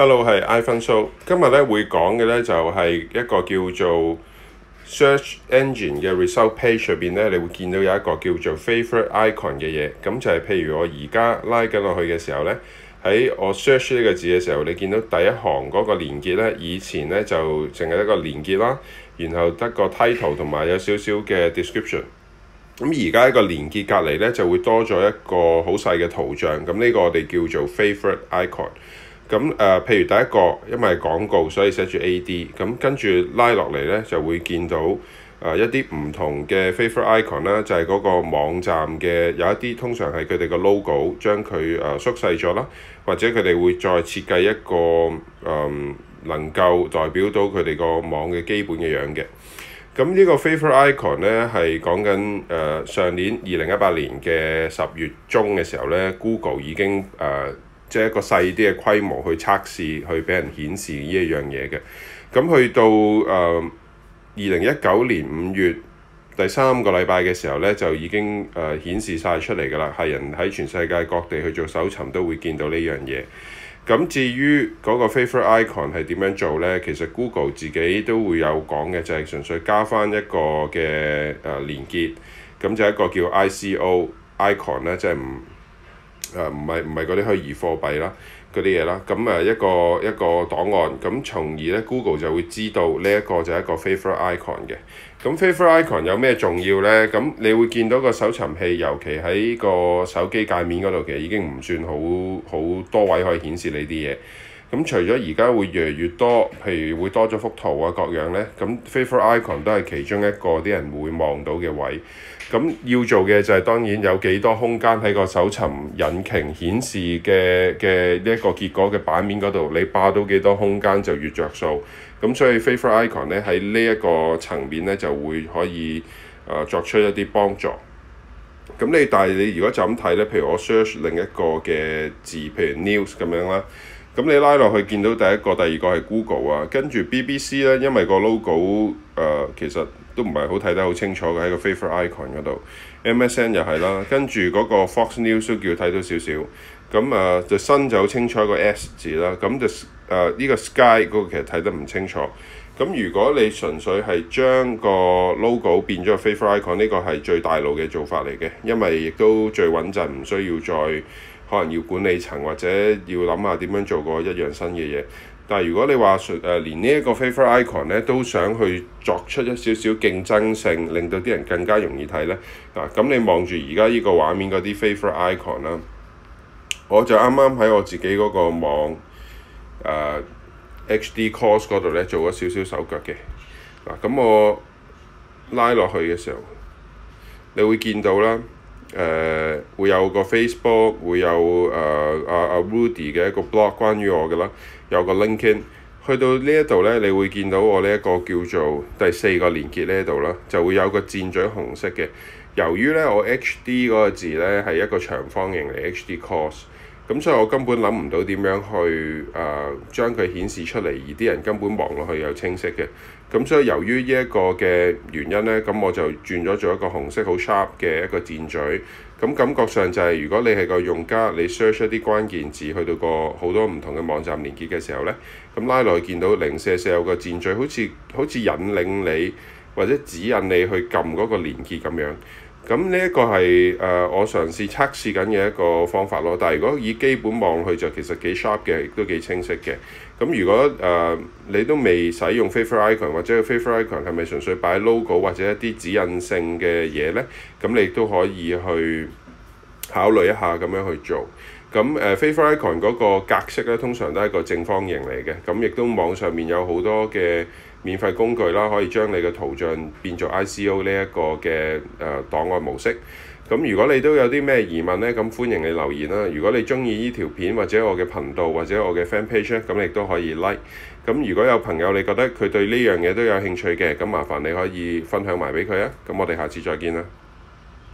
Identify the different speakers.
Speaker 1: hello，係 iPhone Show。今日咧會講嘅咧就係一個叫做 search engine 嘅 result page 上邊咧，你會見到有一個叫做 favorite icon 嘅嘢。咁就係譬如我而家拉緊落去嘅時候咧，喺我 search 呢個字嘅時候，你見到第一行嗰個連結咧，以前咧就淨係一個連結啦，然後得個 title 同埋有少少嘅 description。咁而家一個連結隔離咧就會多咗一個好細嘅圖像，咁呢個我哋叫做 favorite icon。咁誒，譬如第一個，因為係廣告，所以寫住 AD，咁跟住拉落嚟呢，就會見到誒一啲唔同嘅 favicon 啦，就係嗰個網站嘅有一啲，通常係佢哋個 logo 將佢誒縮細咗啦，或者佢哋會再設計一個誒能夠代表到佢哋個網嘅基本嘅樣嘅。咁呢個 favicon 呢係講緊誒上年二零一八年嘅十月中嘅時候呢，Google 已經誒。即係一個細啲嘅規模去測試，去俾人顯示呢一樣嘢嘅。咁去到誒二零一九年五月第三個禮拜嘅時候呢，就已經誒顯、呃、示晒出嚟㗎啦。係人喺全世界各地去做搜尋都會見到呢樣嘢。咁至於嗰個 favorite icon 係點樣做呢？其實 Google 自己都會有講嘅，就係、是、純粹加翻一個嘅誒、呃、連結。咁就一個叫 ICO icon 咧，即係唔。誒唔係唔係嗰啲虛擬貨幣啦，嗰啲嘢啦，咁誒、啊、一個一個檔案，咁從而呢 Google 就會知道呢一、這個就係一個 Favourite Icon 嘅，咁 Favourite Icon 有咩重要呢？咁你會見到個搜尋器，尤其喺個手機界面嗰度，其實已經唔算好好多位可以顯示你啲嘢。咁除咗而家會越嚟越多，譬如會多咗幅圖啊各樣呢。咁 favicon 都係其中一個啲人會望到嘅位。咁要做嘅就係、是、當然有幾多空間喺個搜尋引擎顯示嘅嘅呢一個結果嘅版面嗰度，你霸到幾多空間就越着數。咁所以 favicon 咧，喺呢一個層面呢就會可以、呃、作出一啲幫助。咁你但係你如果就咁睇呢，譬如我 search 另一個嘅字，譬如 news 咁樣啦。咁你拉落去見到第一個、第二個係 Google 啊，跟住 BBC 咧，因為個 logo 誒、呃、其實都唔係好睇得好清楚嘅喺個 favicon 嗰度，MSN 又係啦，跟住嗰個 Fox News 都叫睇到少少。咁、嗯、啊，呃、就 Sun 就好清楚個 S 字啦，咁就誒呢個 Sky 嗰個其實睇得唔清楚。咁、嗯、如果你純粹係將個 logo 變咗個 favicon，呢個係最大路嘅做法嚟嘅，因為亦都最穩陣，唔需要再。可能要管理層或者要諗下點樣做過一樣新嘅嘢。但係如果你話説，誒連呢一個 favicon icon 咧都想去作出一少少競爭性，令到啲人更加容易睇咧嗱。咁、啊、你望住而家呢個畫面嗰啲 favicon icon 啦，我就啱啱喺我自己嗰個網、呃、HD course 嗰度咧做咗少少手腳嘅嗱。咁、啊、我拉落去嘅時候，你會見到啦。誒、uh, 會有個 Facebook，會有誒啊阿 Rudy 嘅一個 blog 關於我嘅啦，有個 LinkedIn 去到呢一度呢，你會見到我呢一個叫做第四個連結呢一度啦，就會有個箭嘴紅色嘅，由於呢，我 HD 嗰個字呢，係一個長方形嚟，HD course。咁所以我根本諗唔到點樣去誒、呃、將佢顯示出嚟，而啲人根本望落去又清晰嘅。咁所以由於呢一個嘅原因呢，咁我就轉咗做一個紅色好 sharp 嘅一個箭嘴。咁感覺上就係、係、如果你係個用家，你 search 一啲關鍵字去到個好多唔同嘅網站連結嘅時候呢，咁拉落去見到零舍舍有個箭嘴，好似好似引領你或者指引你去撳嗰個連結咁樣。咁呢一個係誒、呃、我嘗試測試緊嘅一個方法咯，但係如果以基本望去就其實幾 sharp 嘅，亦都幾清晰嘅。咁如果誒、呃、你都未使用 favicon 或者 favicon 係咪純粹擺 logo 或者一啲指引性嘅嘢呢？咁你都可以去考慮一下咁樣去做。咁誒 favicon 嗰個格式咧，通常都係一個正方形嚟嘅。咁亦都網上面有好多嘅。免費工具啦，可以將你嘅圖像變做 ICO 呢一個嘅誒檔案模式。咁如果你都有啲咩疑問呢，咁歡迎你留言啦。如果你中意呢條片或者我嘅頻道或者我嘅 Fan Page 呢，咁亦都可以 Like。咁如果有朋友你覺得佢對呢樣嘢都有興趣嘅，咁麻煩你可以分享埋俾佢啊。咁我哋下次再見啦。